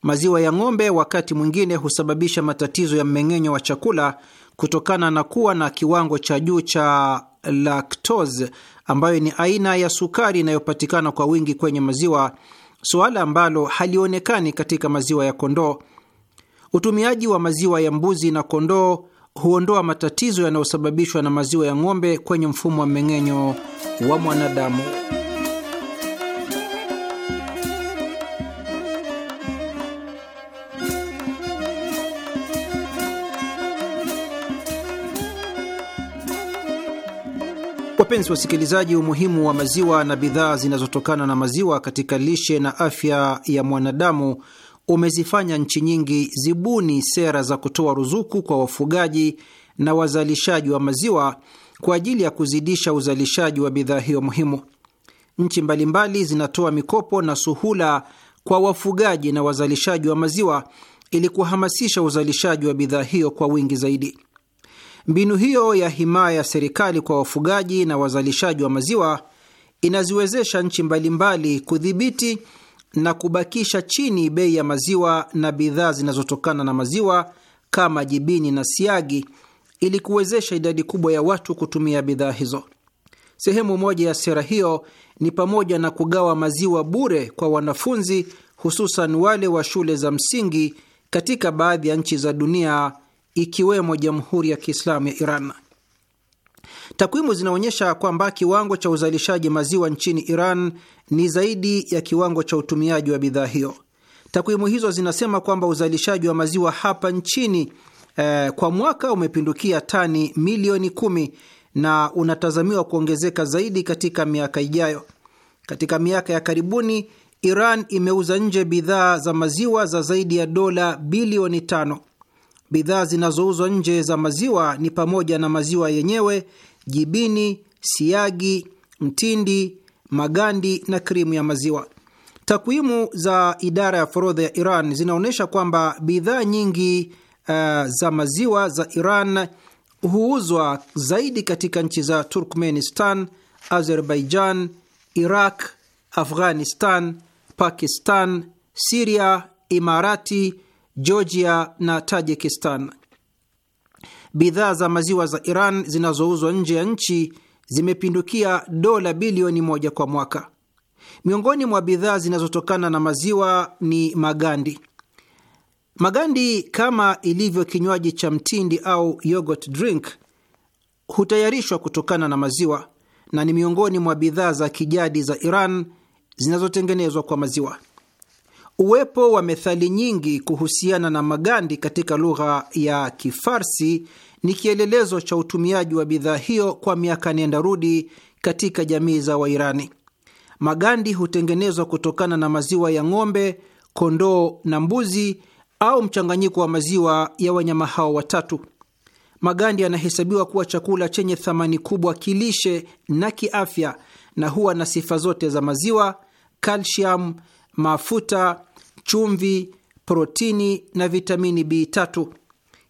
Maziwa ya ng'ombe wakati mwingine husababisha matatizo ya mmeng'enyo wa chakula kutokana na kuwa na kiwango cha juu cha lactose ambayo ni aina ya sukari inayopatikana kwa wingi kwenye maziwa, suala ambalo halionekani katika maziwa ya kondoo. Utumiaji wa maziwa ya mbuzi na kondoo huondoa matatizo yanayosababishwa na maziwa ya ng'ombe kwenye mfumo wa mmeng'enyo wa mwanadamu. Wapenzi wasikilizaji, umuhimu wa maziwa na bidhaa zinazotokana na maziwa katika lishe na afya ya mwanadamu umezifanya nchi nyingi zibuni sera za kutoa ruzuku kwa wafugaji na wazalishaji wa maziwa kwa ajili ya kuzidisha uzalishaji wa bidhaa hiyo muhimu. Nchi mbalimbali zinatoa mikopo na suhula kwa wafugaji na wazalishaji wa maziwa ili kuhamasisha uzalishaji wa bidhaa hiyo kwa wingi zaidi. Mbinu hiyo ya himaya ya serikali kwa wafugaji na wazalishaji wa maziwa inaziwezesha nchi mbalimbali kudhibiti na kubakisha chini bei ya maziwa na bidhaa zinazotokana na maziwa kama jibini na siagi ili kuwezesha idadi kubwa ya watu kutumia bidhaa hizo. Sehemu moja ya sera hiyo ni pamoja na kugawa maziwa bure kwa wanafunzi, hususan wale wa shule za msingi katika baadhi ya nchi za dunia ikiwemo Jamhuri ya Kiislamu ya Iran. Takwimu zinaonyesha kwamba kiwango cha uzalishaji maziwa nchini Iran ni zaidi ya kiwango cha utumiaji wa bidhaa hiyo. Takwimu hizo zinasema kwamba uzalishaji wa maziwa hapa nchini eh, kwa mwaka umepindukia tani milioni kumi na unatazamiwa kuongezeka zaidi katika miaka ijayo. Katika miaka ya karibuni Iran imeuza nje bidhaa za maziwa za zaidi ya dola bilioni tano. Bidhaa zinazouzwa nje za maziwa ni pamoja na maziwa yenyewe, jibini, siagi, mtindi, magandi na krimu ya maziwa. Takwimu za idara ya forodha ya Iran zinaonyesha kwamba bidhaa nyingi uh, za maziwa za Iran huuzwa zaidi katika nchi za Turkmenistan, Azerbaijan, Iraq, Afghanistan, Pakistan, Siria, Imarati, Georgia na Tajikistan. Bidhaa za maziwa za Iran zinazouzwa nje ya nchi zimepindukia dola bilioni moja kwa mwaka. Miongoni mwa bidhaa zinazotokana na maziwa ni magandi. Magandi, kama ilivyo kinywaji cha mtindi au yogurt drink, hutayarishwa kutokana na maziwa na ni miongoni mwa bidhaa za kijadi za Iran zinazotengenezwa kwa maziwa. Uwepo wa methali nyingi kuhusiana na magandi katika lugha ya Kifarsi ni kielelezo cha utumiaji wa bidhaa hiyo kwa miaka nenda rudi katika jamii za Wairani. Magandi hutengenezwa kutokana na maziwa ya ng'ombe, kondoo na mbuzi au mchanganyiko wa maziwa ya wanyama hao watatu. Magandi yanahesabiwa kuwa chakula chenye thamani kubwa kilishe na kiafya, na huwa na sifa zote za maziwa, kalsiamu, mafuta chumvi, protini na vitamini B3.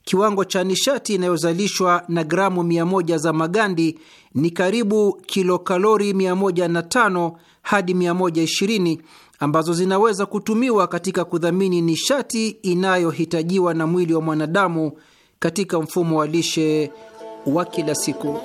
Kiwango cha nishati inayozalishwa na gramu 100 za magandi ni karibu kilokalori 105 hadi 120 ambazo zinaweza kutumiwa katika kudhamini nishati inayohitajiwa na mwili wa mwanadamu katika mfumo wa lishe wa kila siku.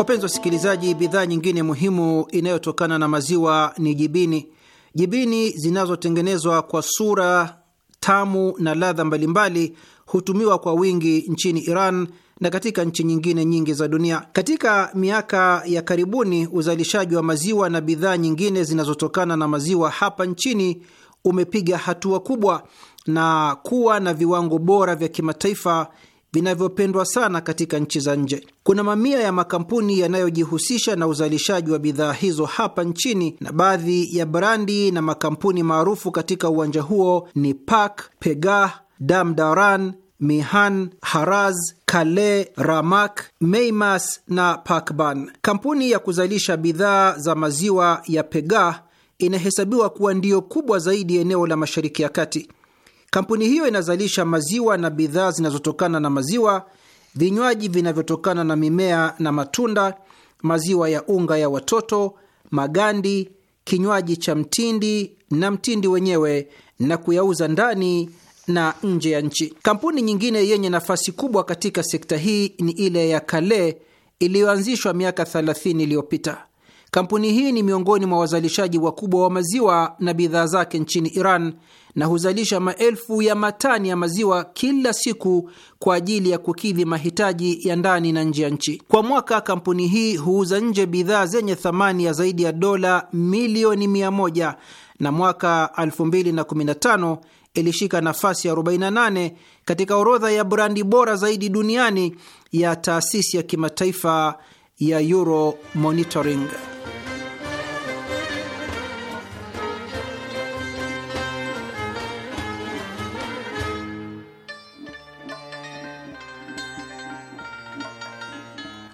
Wapenzi wasikilizaji, bidhaa nyingine muhimu inayotokana na maziwa ni jibini. Jibini zinazotengenezwa kwa sura tamu na ladha mbalimbali hutumiwa kwa wingi nchini Iran na katika nchi nyingine nyingi za dunia. Katika miaka ya karibuni, uzalishaji wa maziwa na bidhaa nyingine zinazotokana na maziwa hapa nchini umepiga hatua kubwa na kuwa na viwango bora vya kimataifa vinavyopendwa sana katika nchi za nje. Kuna mamia ya makampuni yanayojihusisha na uzalishaji wa bidhaa hizo hapa nchini, na baadhi ya brandi na makampuni maarufu katika uwanja huo ni Pak, Pegah, Damdaran, Mihan, Haraz, Kale, Ramak, Meimas na Pakban. Kampuni ya kuzalisha bidhaa za maziwa ya Pegah inahesabiwa kuwa ndiyo kubwa zaidi eneo la Mashariki ya Kati. Kampuni hiyo inazalisha maziwa na bidhaa zinazotokana na maziwa, vinywaji vinavyotokana na mimea na matunda, maziwa ya unga ya watoto, magandi, kinywaji cha mtindi na mtindi wenyewe na kuyauza ndani na nje ya nchi. Kampuni nyingine yenye nafasi kubwa katika sekta hii ni ile ya Kale iliyoanzishwa miaka 30 iliyopita. Kampuni hii ni miongoni mwa wazalishaji wakubwa wa maziwa na bidhaa zake nchini Iran na huzalisha maelfu ya matani ya maziwa kila siku kwa ajili ya kukidhi mahitaji ya ndani na nje ya nchi. Kwa mwaka, kampuni hii huuza nje bidhaa zenye thamani ya zaidi ya dola milioni 1 na mwaka 2015 ilishika nafasi ya 48 katika orodha ya brandi bora zaidi duniani ya taasisi ya kimataifa ya Euro Monitoring.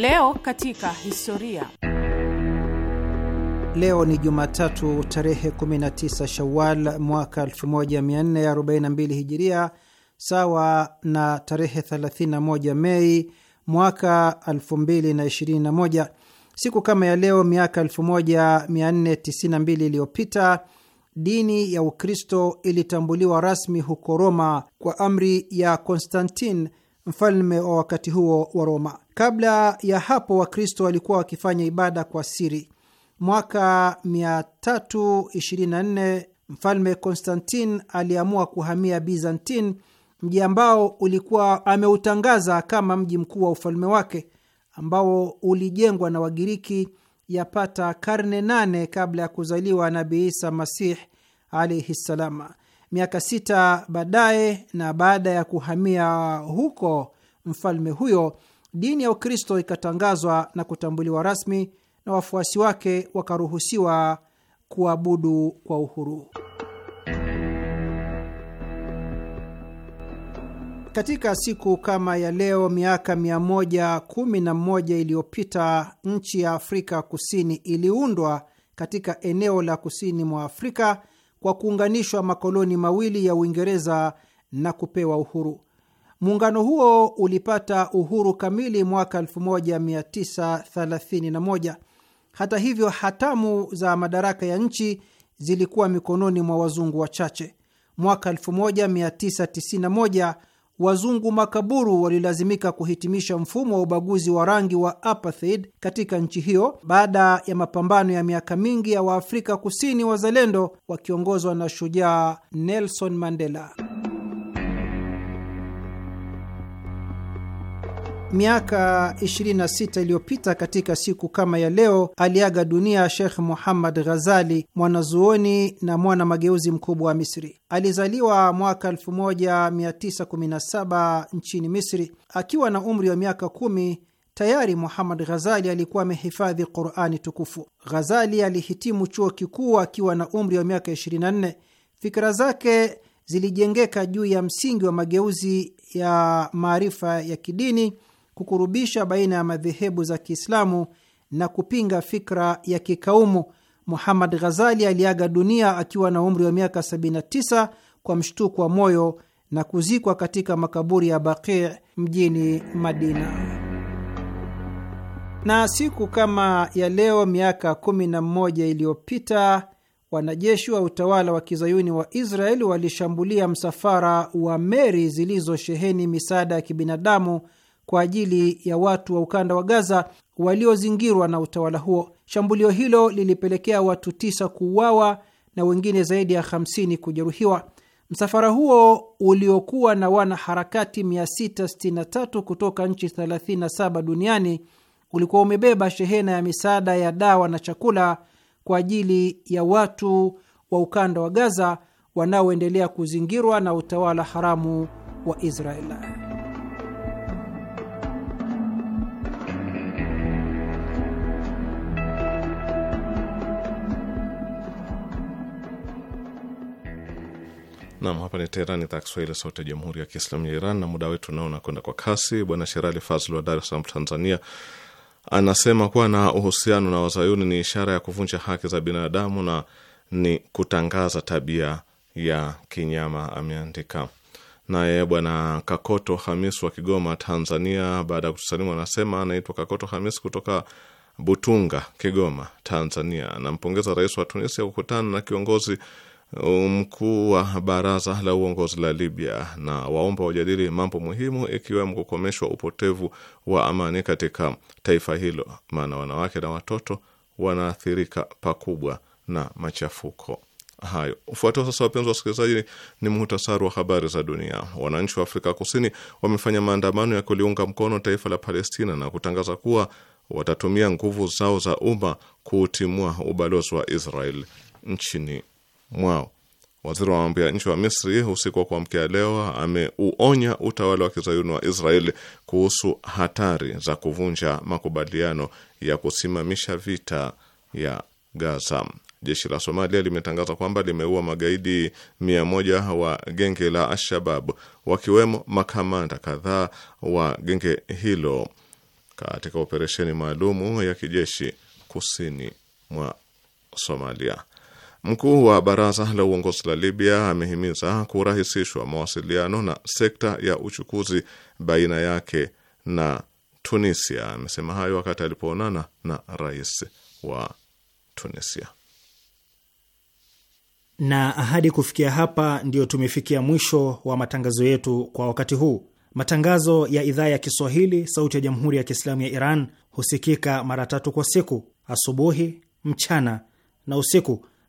Leo katika historia. Leo ni Jumatatu tarehe 19 Shawal mwaka 1442 Hijiria, sawa na tarehe 31 Mei mwaka 2021. Siku kama ya leo miaka 1492 iliyopita dini ya Ukristo ilitambuliwa rasmi huko Roma kwa amri ya Konstantin mfalme wa wakati huo wa Roma. Kabla ya hapo, Wakristo walikuwa wakifanya ibada kwa siri. Mwaka 324 mfalme Konstantin aliamua kuhamia Bizantin, mji ambao ulikuwa ameutangaza kama mji mkuu wa ufalme wake ambao ulijengwa na Wagiriki yapata karne nane kabla ya kuzaliwa Nabii Isa Masih alaihi ssalama. Miaka sita baadaye na baada ya kuhamia huko mfalme huyo, dini ya Ukristo ikatangazwa na kutambuliwa rasmi na wafuasi wake wakaruhusiwa kuabudu kwa uhuru. Katika siku kama ya leo miaka 111 iliyopita nchi ya Afrika Kusini iliundwa katika eneo la kusini mwa Afrika kwa kuunganishwa makoloni mawili ya Uingereza na kupewa uhuru. Muungano huo ulipata uhuru kamili mwaka 1931. Hata hivyo, hatamu za madaraka ya nchi zilikuwa mikononi mwa wazungu wachache. Mwaka 1991 wazungu makaburu walilazimika kuhitimisha mfumo wa ubaguzi wa rangi wa apartheid katika nchi hiyo baada ya mapambano ya miaka mingi ya Waafrika Kusini wazalendo wakiongozwa na shujaa Nelson Mandela. Miaka 26 iliyopita katika siku kama ya leo aliaga dunia Shekh Muhammad Ghazali, mwanazuoni na mwana mageuzi mkubwa wa Misri. Alizaliwa mwaka 1917 nchini Misri. Akiwa na umri wa miaka kumi tayari Muhammad Ghazali alikuwa amehifadhi Qurani tukufu. Ghazali alihitimu chuo kikuu akiwa na umri wa miaka 24. Fikira zake zilijengeka juu ya msingi wa mageuzi ya maarifa ya kidini kukurubisha baina ya madhehebu za Kiislamu na kupinga fikra ya kikaumu. Muhammad Ghazali aliaga dunia akiwa na umri wa miaka 79 kwa mshtuko wa moyo na kuzikwa katika makaburi ya Baqi mjini Madina. Na siku kama ya leo miaka 11 na iliyopita wanajeshi wa utawala wa kizayuni wa Israeli walishambulia msafara wa meli zilizosheheni misaada ya kibinadamu kwa ajili ya watu wa ukanda wa Gaza waliozingirwa na utawala huo. Shambulio hilo lilipelekea watu tisa kuuawa na wengine zaidi ya 50 kujeruhiwa. Msafara huo uliokuwa na wanaharakati 663 kutoka nchi 37 duniani ulikuwa umebeba shehena ya misaada ya dawa na chakula kwa ajili ya watu wa ukanda wa Gaza wanaoendelea kuzingirwa na utawala haramu wa Israeli. Nam, hapa ni Teherani, idhaa Kiswahili, sauti ya jamhuri ya kiislamu ya Iran. Na muda wetu unaona kwenda kwa kasi. Bwana Sherali Fazl wa Dar es Salaam, Tanzania, anasema kuwa na uhusiano na wazayuni ni ishara ya kuvunja haki za binadamu na ni kutangaza tabia ya kinyama, ameandika. Naye bwana Kakoto Hamis wa Kigoma, Tanzania, baada ya kutusalimu anasema anaitwa Kakoto Hamis kutoka Butunga, Kigoma, Tanzania. Anampongeza rais wa Tunisia kukutana na kiongozi mkuu wa baraza la uongozi la Libya na waomba wajadili mambo muhimu ikiwemo kukomeshwa upotevu wa amani katika taifa hilo, maana wanawake na watoto wanaathirika pakubwa na machafuko hayo. Ufuatao sasa, wapenzi wasikilizaji, ni muhtasari wa habari za dunia. Wananchi wa Afrika Kusini wamefanya maandamano ya kuliunga mkono taifa la Palestina na kutangaza kuwa watatumia nguvu zao za umma kuutimua ubalozi wa Israel nchini mwao. Waziri wa mambo ya nchi wa Misri usiku wa kuamkia leo ameuonya utawala wa kizayuni wa Israeli kuhusu hatari za kuvunja makubaliano ya kusimamisha vita ya Gaza. Jeshi la Somalia limetangaza kwamba limeua magaidi mia moja wa genge la Alshabab, wakiwemo makamanda kadhaa wa genge hilo katika operesheni maalumu ya kijeshi kusini mwa Somalia. Mkuu wa baraza la uongozi la Libya amehimiza kurahisishwa mawasiliano na sekta ya uchukuzi baina yake na Tunisia. Amesema hayo wakati alipoonana na rais wa Tunisia. Na ahadi kufikia hapa, ndiyo tumefikia mwisho wa matangazo yetu kwa wakati huu. Matangazo ya idhaa ya Kiswahili sauti ya jamhuri ya Kiislamu ya Iran husikika mara tatu kwa siku: asubuhi, mchana na usiku